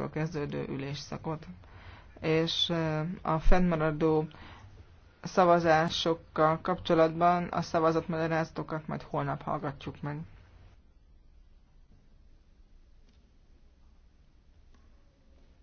órakor kezdődő ülésszakot. És eh, a fennmaradó szavazásokkal kapcsolatban a szavazatmagyarázatokat majd holnap hallgatjuk meg.